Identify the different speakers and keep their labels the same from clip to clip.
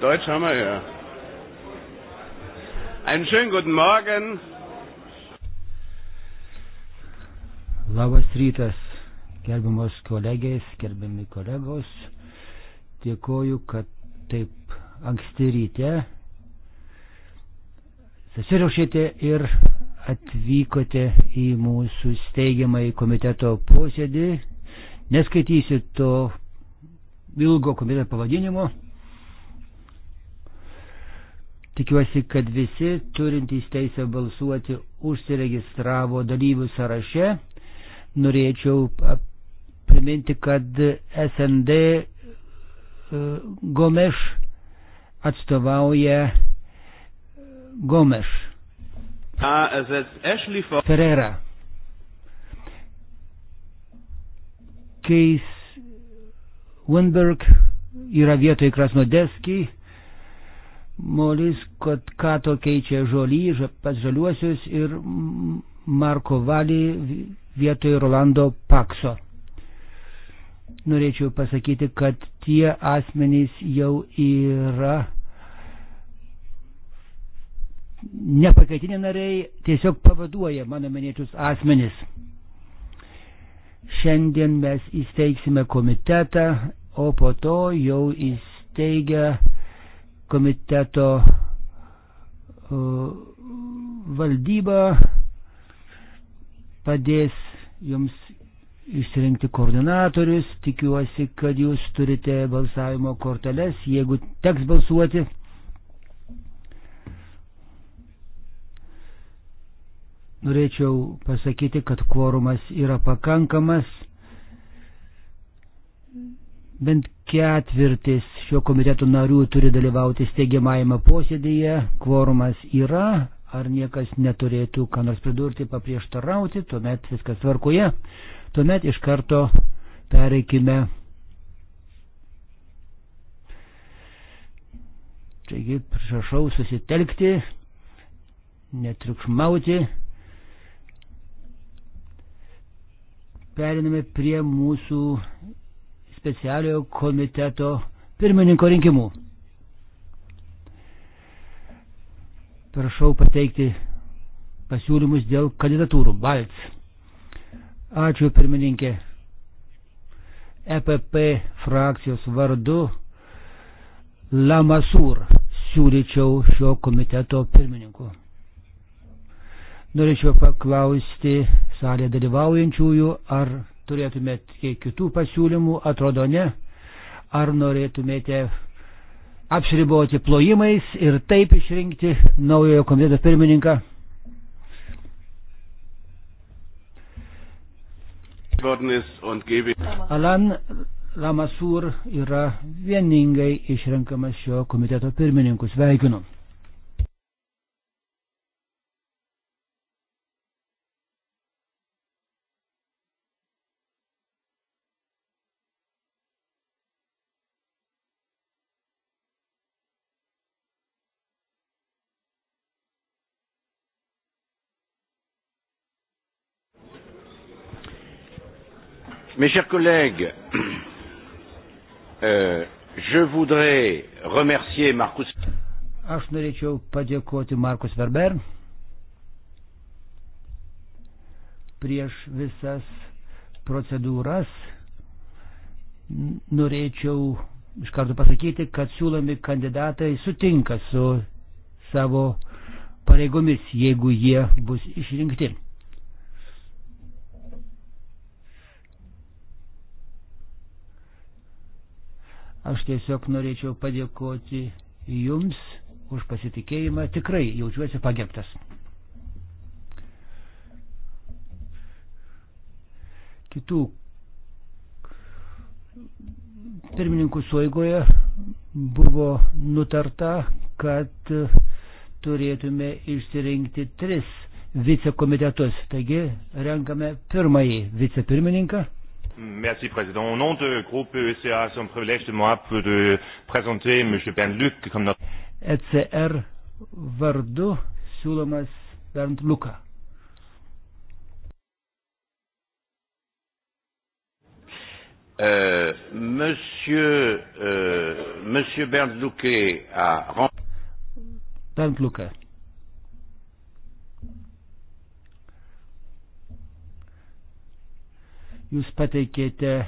Speaker 1: Deutsch haben wir ja. Einen schönen guten Morgen.
Speaker 2: Labas rytas, gerbiamos kolegės, gerbiami kolegos. Dėkoju, kad taip anksti ryte susirašėte ir atvykote į mūsų steigiamąjį komiteto posėdį. Neskaitysiu to ilgo komiteto pavadinimo. Tikiuosi, kad visi turintys teisę balsuoti užsiregistravo dalyvių sąraše. Norėčiau priminti, kad SND e, Gomeš atstovauja e, Gomeš. Ferrera. Keis Winberg yra vietoj Krasnodeski molis, kad kato keičia žolį, pats žaliuosius ir Marko Valį vietoj Rolando Pakso. Norėčiau pasakyti, kad tie asmenys jau yra nepakaitiniai nariai, tiesiog pavaduoja mano minėtus asmenys. Šiandien mes įsteigsime komitetą, o po to jau įsteigia komiteto valdyba padės jums išsirinkti koordinatorius. Tikiuosi, kad jūs turite balsavimo korteles, jeigu teks balsuoti. Norėčiau pasakyti, kad kvorumas yra pakankamas. Bent ketvirtis šio komiteto narių turi dalyvauti steigiamajame posėdėje, kvorumas yra, ar niekas neturėtų ką nors pridurti, paprieštarauti, tuomet viskas tvarkoje. Tuomet iš karto pereikime. Taigi, prašau susitelkti, netriukšmauti. Periname prie mūsų specialiojo komiteto pirmininko rinkimų. Prašau pateikti pasiūlymus dėl kandidatūrų. Balts. Ačiū pirmininkė. EPP frakcijos vardu Lamasūr siūlyčiau šio komiteto pirmininku. Norėčiau paklausti salė dalyvaujančiųjų, ar turėtumėte kitų pasiūlymų, atrodo ne. Ar norėtumėte apsiriboti plojimais ir taip išrinkti naujojo komiteto pirmininką? Alan Lamasur yra vieningai išrenkamas šio komiteto pirmininku. Sveikinu.
Speaker 1: Mes chers collègues, euh, je voudrais remercier Markus.
Speaker 2: Aš norėčiau padėkoti Markus Verber prieš visas procedūras. Norėčiau iš karto pasakyti, kad siūlomi kandidatai sutinka su savo pareigomis, jeigu jie bus išrinkti. Aš tiesiog norėčiau padėkoti Jums už pasitikėjimą. Tikrai jaučiuosi pagerbtas. Kitų pirmininkų suigoje buvo nutarta, kad turėtume išsirinkti tris vicekomitetus. Taigi renkame pirmąjį vicepirmininką.
Speaker 1: Merci, Président. Au nom du groupe ECR, c'est un privilège de moi de présenter M. Benluc comme notre...
Speaker 2: ECR vardu siūlomas Bernd Luka.
Speaker 1: Euh, monsieur, euh, monsieur Bernd Luke a...
Speaker 2: Bernd Luka Jūs pateikėte e,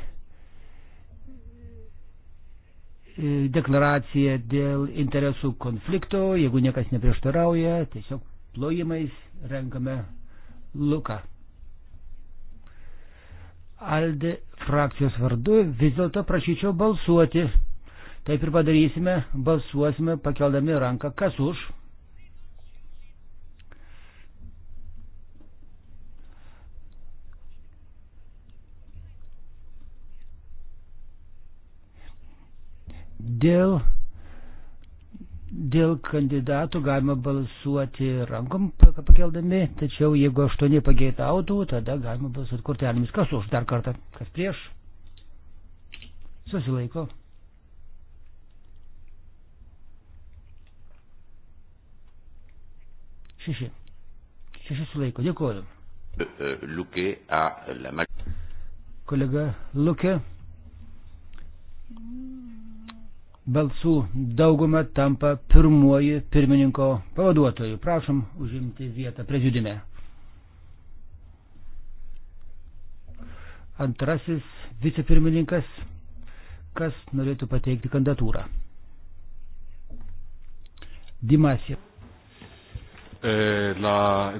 Speaker 2: deklaraciją dėl interesų konflikto, jeigu niekas neprieštarauja, tiesiog plojimais renkame luką. Aldi frakcijos vardu vis dėlto prašyčiau balsuoti. Taip ir padarysime, balsuosime pakeldami ranką, kas už. Dėl, dėl kandidatų galima balsuoti rankom pakeldami, tačiau jeigu aštuoni pageitautų, tada galima balsuoti kortelėmis. Kas už dar kartą? Kas prieš? Susilaiko. Šeši. Šeši sulaiko. Dėkuoju.
Speaker 1: E, e,
Speaker 2: Kolega Lukė balsų dauguma tampa pirmuoju pirmininko pavaduotoju. Prašom užimti vietą prezidiume. Antrasis vicepirmininkas, kas norėtų pateikti kandidatūrą. Dimasija.
Speaker 1: E, la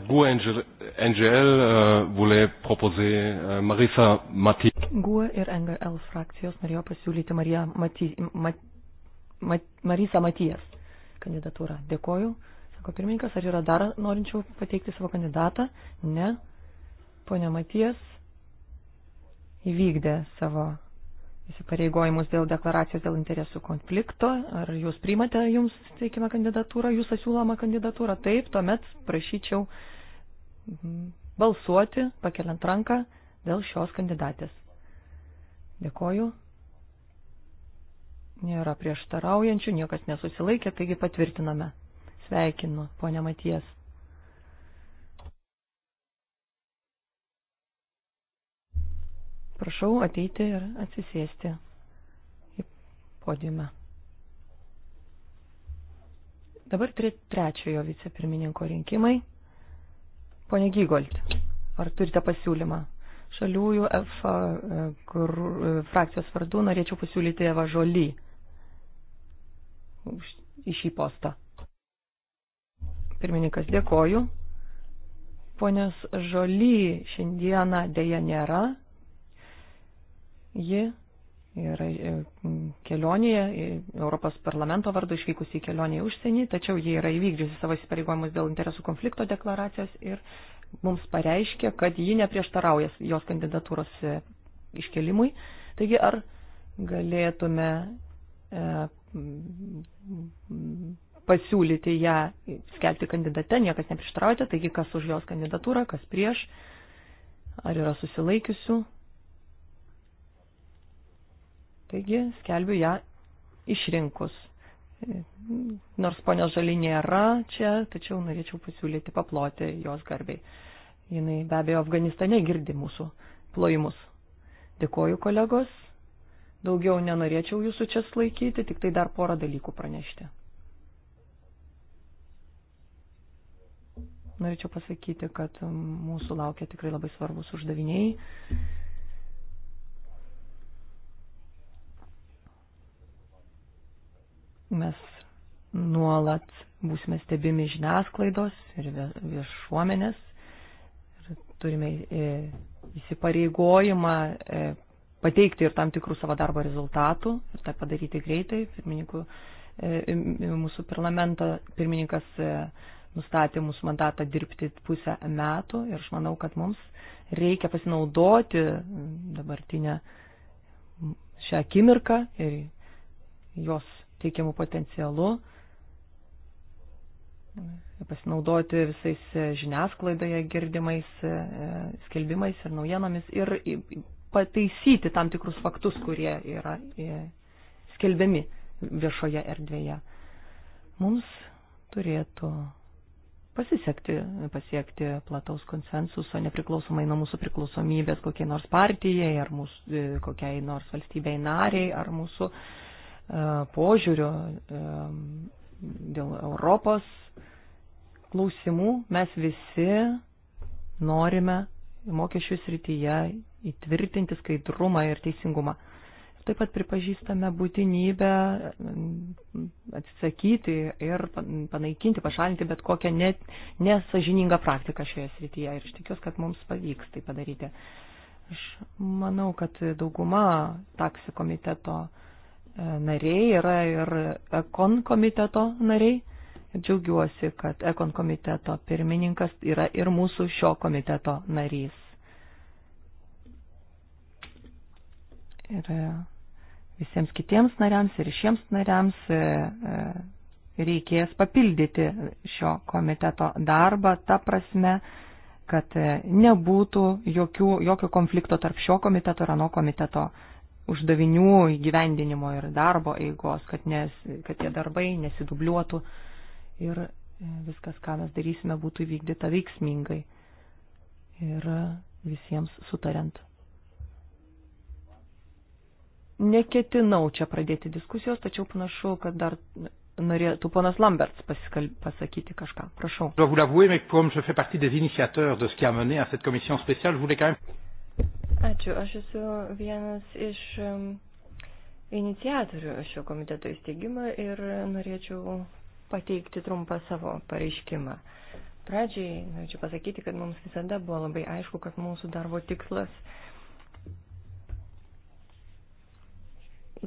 Speaker 1: GUE NGL, NGL uh, e, voulait proposer uh, e, Marisa Mati. GUE ir NGL frakcijos norėjo pasiūlyti Mariją Mati, Mati, Mat, Marisa Matijas kandidatūra. Dėkoju, sako pirmininkas, ar yra dar norinčių pateikti savo kandidatą? Ne. Pone Matijas įvykdė savo įsipareigojimus dėl deklaracijos dėl interesų konflikto. Ar jūs priimate jums teikimą kandidatūrą, jūs asiūlomą kandidatūrą? Taip, tuomet prašyčiau balsuoti, pakeliant ranką dėl šios kandidatės. Dėkoju. Nėra prieštaraujančių, niekas nesusilaikė, taigi patvirtiname. Sveikinu, ponia Matijas. Prašau ateiti ir atsisėsti į podiumą. Dabar trečiojo vicepirmininko rinkimai. Pone Gygolt, ar turite pasiūlymą? Šaliųjų F e, e, frakcijos vardu norėčiau pasiūlyti Eva Žoly į šį postą. Pirmininkas, dėkoju. Ponios Žoly šiandieną dėja nėra. Ji yra e, kelionėje, e, Europos parlamento vardu išvykusi į kelionę į užsienį, tačiau ji yra įvykdžiusi savo įsipareigojimus dėl interesų konflikto deklaracijos ir mums pareiškė, kad ji neprieštarauja jos kandidatūros e, iškelimui. Taigi, ar galėtume pasiūlyti ją skelti kandidate, niekas neprištraujate, taigi kas už jos kandidatūrą, kas prieš, ar yra susilaikiusių. Taigi skelbiu ją išrinkus. Nors ponios žali nėra čia, tačiau norėčiau pasiūlyti paploti jos garbiai. Jis be abejo Afganistane girdi mūsų plojimus. Dėkoju kolegos. Daugiau nenorėčiau jūsų čia slaikyti, tik tai dar porą dalykų pranešti. Norėčiau pasakyti, kad mūsų laukia tikrai labai svarbus uždaviniai. Mes nuolat būsime stebimi žiniasklaidos ir viešuomenės. Ir turime e, įsipareigojimą e, pateikti ir tam tikrų savo darbo rezultatų ir tą padaryti greitai. Pirmininkų, e, mūsų parlamento pirmininkas e, nustatė mūsų mandatą dirbti pusę metų ir aš manau, kad mums reikia pasinaudoti dabartinę šią akimirką ir jos teikiamų potencialų pasinaudoti visais žiniasklaidoje girdimais e, skelbimais ir naujienomis ir pataisyti tam tikrus faktus, kurie yra e, skelbiami viešoje erdvėje. Mums turėtų pasisekti, pasiekti plataus konsensuso, nepriklausomai nuo mūsų priklausomybės kokiai nors partijai, ar mūsų, e, kokiai nors valstybei nariai, ar mūsų e, požiūrių e, dėl Europos klausimų. Mes visi norime mokesčių srityje įtvirtinti skaidrumą ir teisingumą. Taip pat pripažįstame būtinybę mm, atsisakyti ir panaikinti, pašalinti bet kokią net, nesažiningą praktiką šioje srityje ir aš tikiuosi, kad mums pavyks tai padaryti. Aš manau, kad dauguma taksi komiteto e, nariai yra ir kon komiteto nariai Ir džiaugiuosi, kad Ekon komiteto pirmininkas yra ir mūsų šio komiteto narys. Ir e, visiems kitiems nariams ir šiems nariams e, e, reikės papildyti šio komiteto darbą ta prasme, kad nebūtų jokių, jokio konflikto tarp šio komiteto ir ano komiteto uždavinių įgyvendinimo ir darbo eigos, kad, nes, kad tie darbai nesidubliuotų ir e, viskas, ką mes darysime, būtų įvykdyta veiksmingai ir visiems sutariant. Neketinau čia pradėti diskusijos, tačiau panašu, kad dar norėtų ponas Lamberts pasiskal... pasakyti kažką. Prašau. Ačiū. Aš esu vienas iš iniciatorių šio komiteto įsteigimo ir norėčiau pateikti trumpą savo pareiškimą. Pradžiai norėčiau pasakyti, kad mums visada buvo labai aišku, kad mūsų darbo tikslas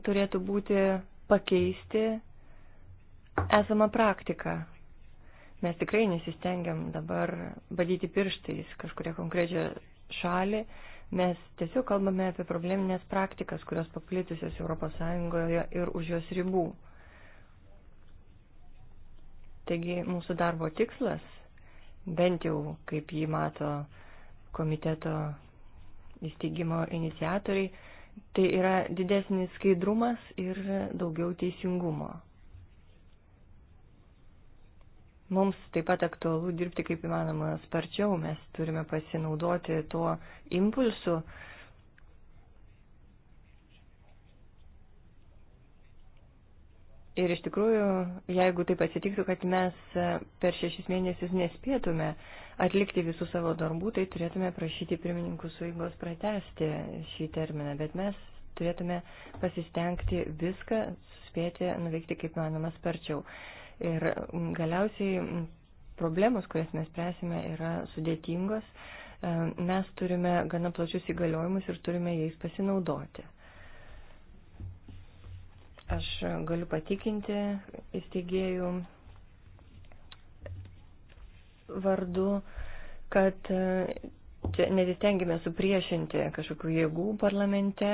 Speaker 1: turėtų būti pakeisti esamą praktiką. Mes tikrai nesistengiam dabar badyti pirštais kažkuria konkrečia šalį, mes tiesiog kalbame apie probleminės praktikas, kurios paplitusios ES ir už jos ribų. Taigi mūsų darbo tikslas, bent jau kaip jį mato komiteto įsteigimo iniciatoriai, tai yra didesnis skaidrumas ir daugiau teisingumo. Mums taip pat aktualu dirbti kaip įmanoma sparčiau, mes turime pasinaudoti tuo impulsu, uh, Ir iš tikrųjų, jeigu taip atsitiktų, kad mes e, per šešis mėnesius nespėtume atlikti visų savo darbų, tai turėtume prašyti pirmininkų suigos pratesti šį terminą, bet mes turėtume pasistengti viską suspėti nuveikti kaip manoma sparčiau. Ir galiausiai problemos, kurias mes spręsime, yra sudėtingos. E, mes turime gana plačius įgaliojimus ir turime jais pasinaudoti. Aš galiu patikinti įsteigėjų vardu, kad čia nesistengime supriešinti kažkokių jėgų parlamente.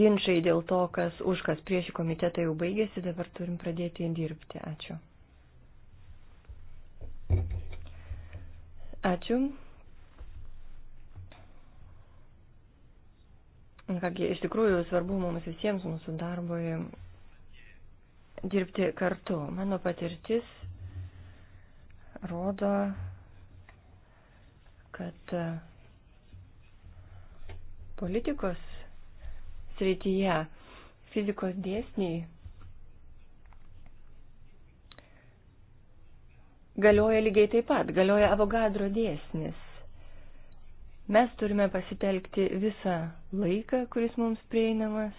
Speaker 1: Ginčiai dėl to, kas už kas prieš į komitetą jau baigėsi, dabar turim pradėti dirbti. Ačiū. Ačiū. Kągi, iš tikrųjų svarbu mums visiems mūsų darbui dirbti kartu. Mano patirtis rodo, kad e, politikos srityje fizikos dėsniai galioja lygiai taip pat, galioja Avogadro dėsnis. Mes turime pasitelkti visą laiką, kuris mums prieinamas.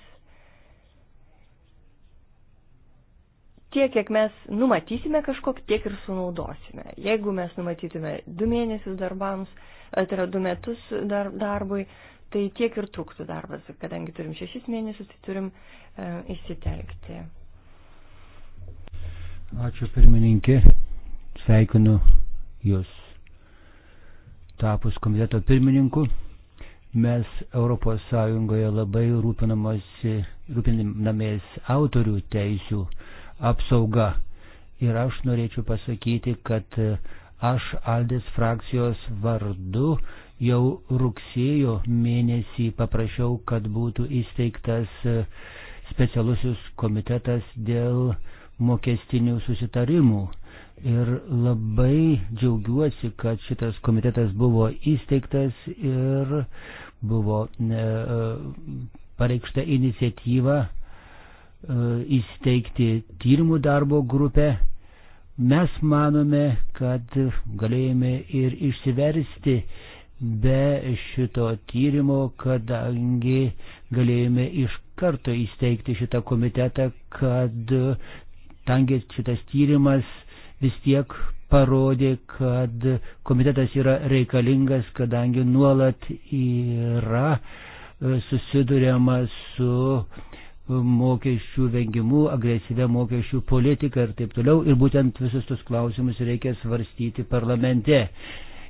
Speaker 1: Tiek, kiek mes numatysime kažkok, tiek ir sunaudosime. Jeigu mes numatytume du mėnesius darbams, e, tai yra du metus dar, darbui, tai tiek ir truktų darbas, kadangi turim šešis mėnesius, tai turim e, įsitelkti.
Speaker 2: Ačiū pirmininkė, sveikinu Jūs tapus komiteto pirmininku. Mes ES labai rūpinamės autorių teisių apsauga. Ir aš norėčiau pasakyti, kad aš Aldės frakcijos vardu jau rugsėjo mėnesį paprašiau, kad būtų įsteigtas specialusis komitetas dėl mokestinių susitarimų Ir labai džiaugiuosi, kad šitas komitetas buvo įsteigtas ir buvo ne, e, pareikšta iniciatyva e, įsteigti tyrimų darbo grupę. Mes manome, kad galėjome ir išsiversti be šito tyrimo, kadangi galėjome iš karto įsteigti šitą komitetą, kad tangi šitas tyrimas uh, vis tiek parodė, kad komitetas yra reikalingas, kadangi nuolat yra e, susidurėma su e, mokesčių vengimu, agresyvia mokesčių politika ir taip toliau. Ir būtent visus tos klausimus reikia svarstyti parlamente.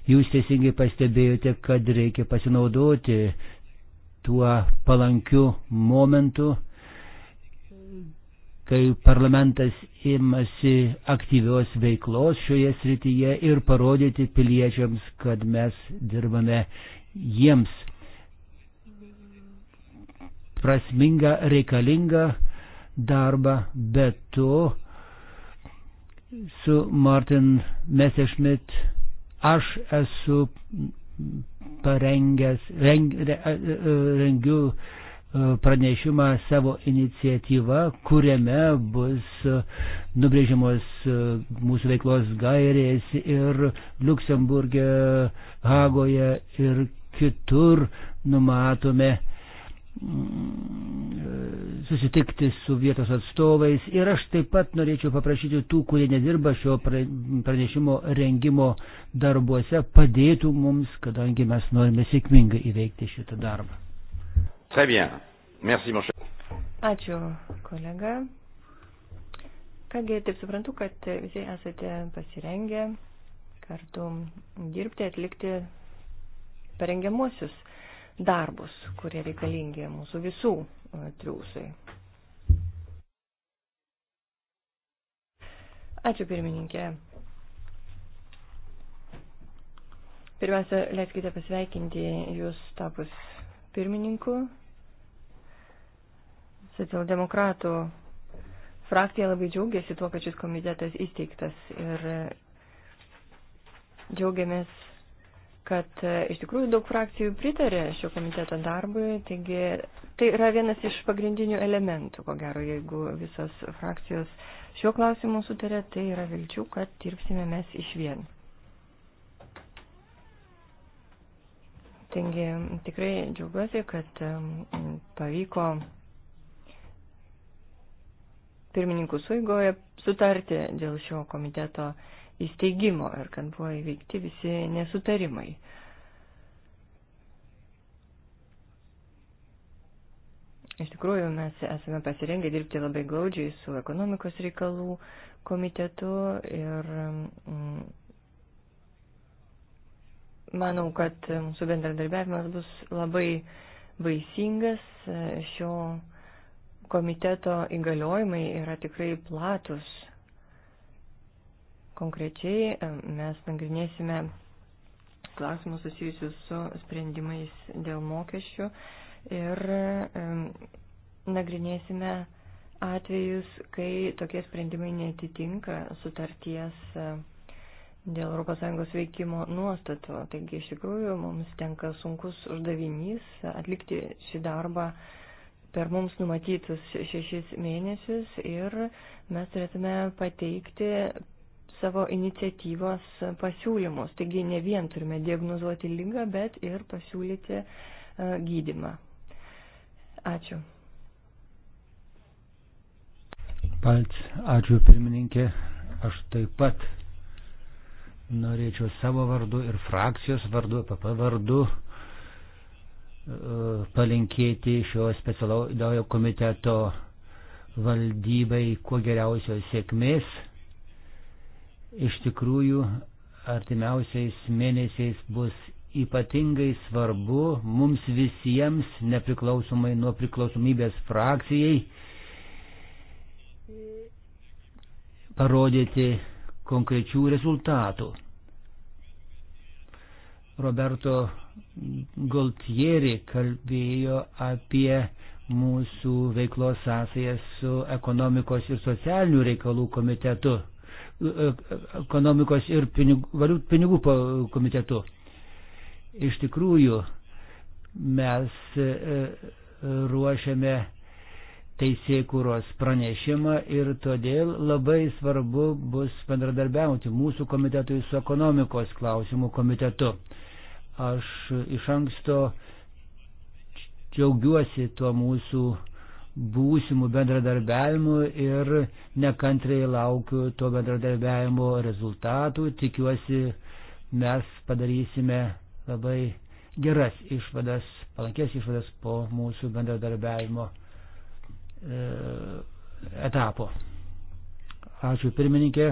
Speaker 2: Jūs teisingai pastebėjote, kad reikia pasinaudoti tuo palankiu momentu kai parlamentas imasi aktyvios veiklos šioje srityje ir parodyti piliečiams, kad mes dirbame jiems prasmingą, reikalingą darbą, bet to su Martin Messerschmidt aš esu parengęs, reng, re, e, e, rengiu pranešimą savo iniciatyvą, kuriame bus e, nubrėžimos e, mūsų veiklos gairės ir Luksemburgė, Hagoje ir kitur numatome mm, e, susitikti su vietos atstovais. Ir aš taip pat norėčiau paprašyti tų, kurie nedirba šio pranešimo rengimo darbuose, padėtų mums, kadangi mes norime sėkmingai įveikti šitą darbą.
Speaker 1: Très bien. Merci, mon cher. Ačiū, kolega. Kągi, taip suprantu, kad visi esate pasirengę kartu dirbti, atlikti parengiamuosius darbus, kurie reikalingi mūsų visų e, triūsui. Ačiū pirmininkė. Pirmiausia, leiskite pasveikinti Jūs tapus pirmininku Socialdemokratų frakcija labai džiaugiasi tuo, kad šis komitetas įsteigtas ir džiaugiamės, kad e, iš tikrųjų daug frakcijų pritarė šio komiteto darbui, taigi tai yra vienas iš pagrindinių elementų, ko gero, jeigu visos frakcijos šiuo klausimu sutarė, tai yra vilčių, kad dirbsime mes iš vien. Taigi tikrai džiaugiuosi, kad pavyko pirmininkų suigoje sutarti dėl šio komiteto įsteigimo ir kad buvo įveikti visi nesutarimai. Iš tikrųjų, mes esame pasirengę dirbti labai glaudžiai su ekonomikos reikalų komitetu ir mm, manau, kad mūsų bendradarbiavimas bus labai vaisingas šio komiteto komiteto įgaliojimai yra tikrai platus. Konkrečiai e, mes nagrinėsime klausimus susijusius su sprendimais dėl mokesčių ir e, nagrinėsime atvejus, kai tokie sprendimai netitinka sutarties e, dėl ES veikimo nuostatų. Taigi iš tikrųjų mums tenka sunkus uždavinys atlikti šį darbą uh, per mums numatytus šešis mėnesius ir mes turėtume pateikti savo iniciatyvos pasiūlymus. Taigi ne vien turime diagnozuoti lygą, bet ir pasiūlyti e, gydimą. Ačiū.
Speaker 2: Palts, ačiū pirmininkė. Aš taip pat norėčiau savo vardu ir frakcijos vardu, PP vardu palinkėti šio specialiojo komiteto valdybai kuo geriausios sėkmės. Iš tikrųjų, artimiausiais mėnesiais bus ypatingai svarbu mums visiems, nepriklausomai nuo priklausomybės frakcijai, parodyti konkrečių rezultatų. Roberto Goltieri kalbėjo apie mūsų veiklos sąsajas su ekonomikos ir socialinių reikalų komitetu, e, ekonomikos ir pinigų, valiut, pinigų komitetu. Iš tikrųjų, mes e, ruošiame teisėkūros pranešimą ir todėl labai svarbu bus bendradarbiauti mūsų komitetui su ekonomikos klausimų komitetu. Aš iš anksto džiaugiuosi tuo mūsų būsimų bendradarbiavimų ir nekantriai laukiu to bendradarbiavimo rezultatų. Tikiuosi, mes padarysime labai geras išvadas, palankės išvadas po mūsų bendradarbiavimo E, etapo. Ačiū pirmininkė.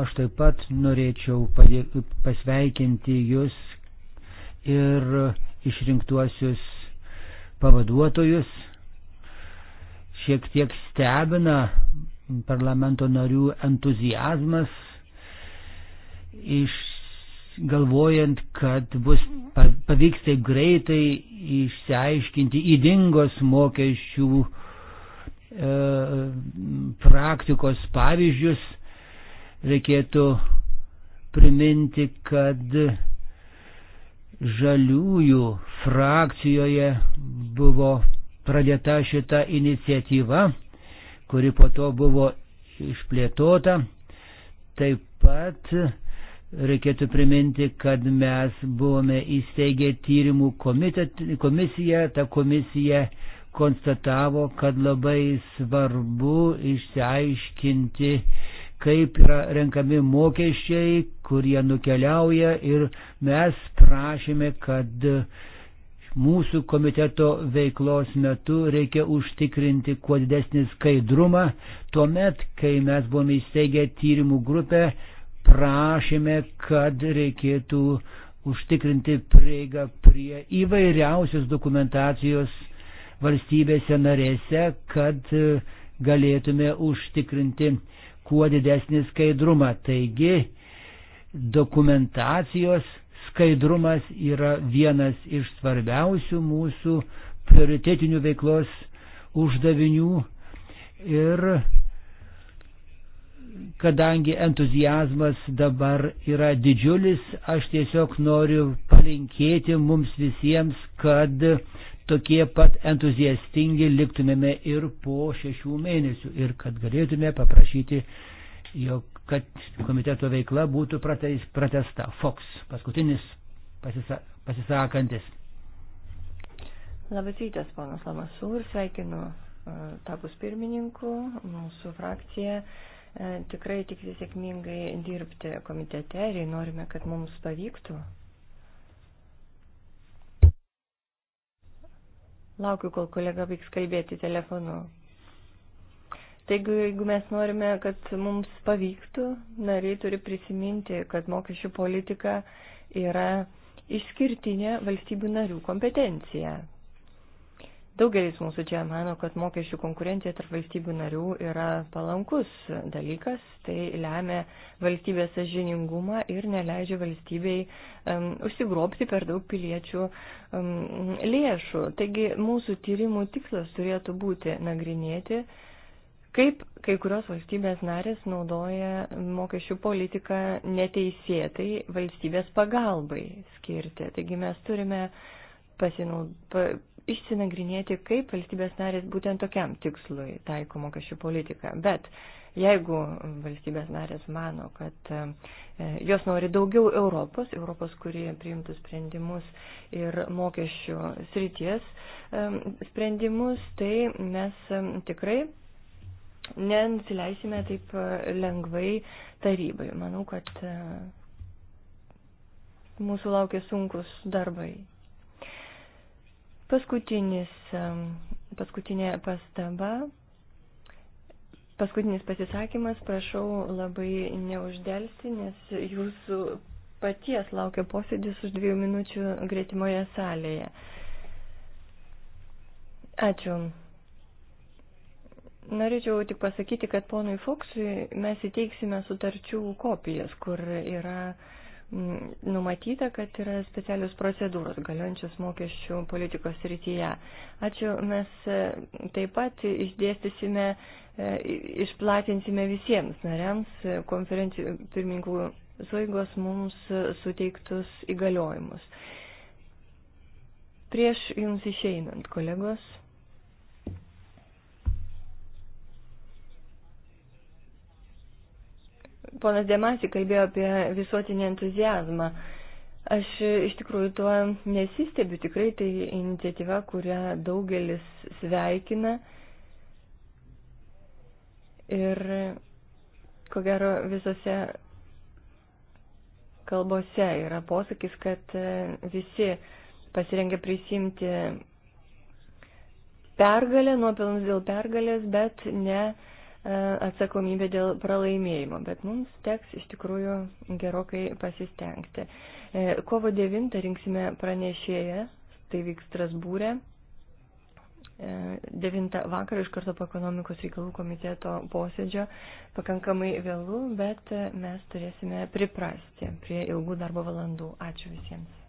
Speaker 2: Aš taip pat norėčiau pasveikinti jūs ir išrinktuosius pavaduotojus. Šiek tiek stebina parlamento narių entuzijazmas iš galvojant, kad bus pavyks taip greitai išsiaiškinti įdingos mokesčių e, praktikos pavyzdžius, reikėtų priminti, kad žaliųjų frakcijoje buvo pradėta šita iniciatyva, kuri po to buvo išplėtota. Taip pat Reikėtų priminti, kad mes buvome įsteigę tyrimų komitet, komisiją, ta komisija konstatavo, kad labai svarbu išsiaiškinti, kaip yra renkami mokesčiai, kurie nukeliauja ir mes prašėme, kad mūsų komiteto veiklos metu reikia užtikrinti kuo didesnį skaidrumą. Tuomet, kai mes buvome įsteigę tyrimų grupę, prašėme, kad reikėtų užtikrinti prieigą prie įvairiausios dokumentacijos valstybėse narėse, kad e, galėtume užtikrinti kuo didesnį skaidrumą. Taigi, dokumentacijos skaidrumas yra vienas iš svarbiausių mūsų prioritetinių veiklos uždavinių ir kadangi entuzijazmas dabar yra didžiulis, aš tiesiog noriu palinkėti mums visiems, kad tokie pat entuziastingi liktumėme ir po šešių mėnesių ir kad galėtume paprašyti, jog kad komiteto veikla būtų prateis, pratesta. Fox, paskutinis pasisa, pasisakantis.
Speaker 1: Labas rytas, ponas Lamasų, ir sveikinu e, tapus pirmininku mūsų frakciją. Uh, E, tikrai tik sėkmingai dirbti komitete ir norime, kad mums pavyktų. Laukiu, kol kolega vyks kalbėti telefonu. Taigi, jeigu mes norime, kad mums pavyktų, nariai turi prisiminti, kad mokesčių politika yra išskirtinė valstybių narių kompetencija. Daugelis mūsų čia mano, kad mokesčių konkurencija tarp valstybių narių yra palankus dalykas, tai lemia valstybės sažiningumą ir neleidžia valstybei um, užsigrobti per daug piliečių um, lėšų. Taigi mūsų tyrimų tikslas turėtų būti nagrinėti, kaip kai kurios valstybės narės naudoja mokesčių politiką neteisėtai valstybės pagalbai skirti. Taigi mes turime pasinaud išsinagrinėti, kaip valstybės narės būtent tokiam tikslui taiko mokesčių politiką. Bet jeigu valstybės narės mano, kad e, jos nori daugiau Europos, Europos, kurie priimtų sprendimus ir mokesčių srities e, sprendimus, tai mes e, tikrai nenusileisime taip lengvai tarybai. Manau, kad mūsų laukia sunkus darbai. Paskutinis, paskutinė pastaba. Paskutinis pasisakymas, prašau labai neuždelsti, nes jūsų paties laukia posėdis už dviejų minučių greitimoje salėje. Ačiū. Norėčiau tik pasakyti, kad ponui Foksui mes įteiksime sutarčių kopijas, kur yra uh, Mm, numatyta, kad yra specialios procedūros galiojančios mokesčių politikos rytyje. Ačiū, mes e, taip pat išdėstysime, e, išplatinsime visiems nariams e, konferencijų pirmininkų suigos mums suteiktus įgaliojimus. Prieš jums išeinant, kolegos. Ponas Demasi kalbėjo apie visuotinį entuzijazmą. Aš e, iš tikrųjų tuo nesistebiu, tikrai tai iniciatyva, kurią daugelis sveikina. Ir ko gero visose kalbose yra posakis, kad e, visi pasirengia prisimti pergalę, nuopelnus dėl pergalės, bet ne uh, E, atsakomybė dėl pralaimėjimo, bet mums teks iš tikrųjų gerokai pasistengti. E, kovo 9 rinksime pranešėją, tai vyks Strasbūrė. 9 e, vakarą iš karto po ekonomikos reikalų komiteto posėdžio pakankamai vėlų, bet mes turėsime priprasti prie ilgų darbo valandų. Ačiū visiems.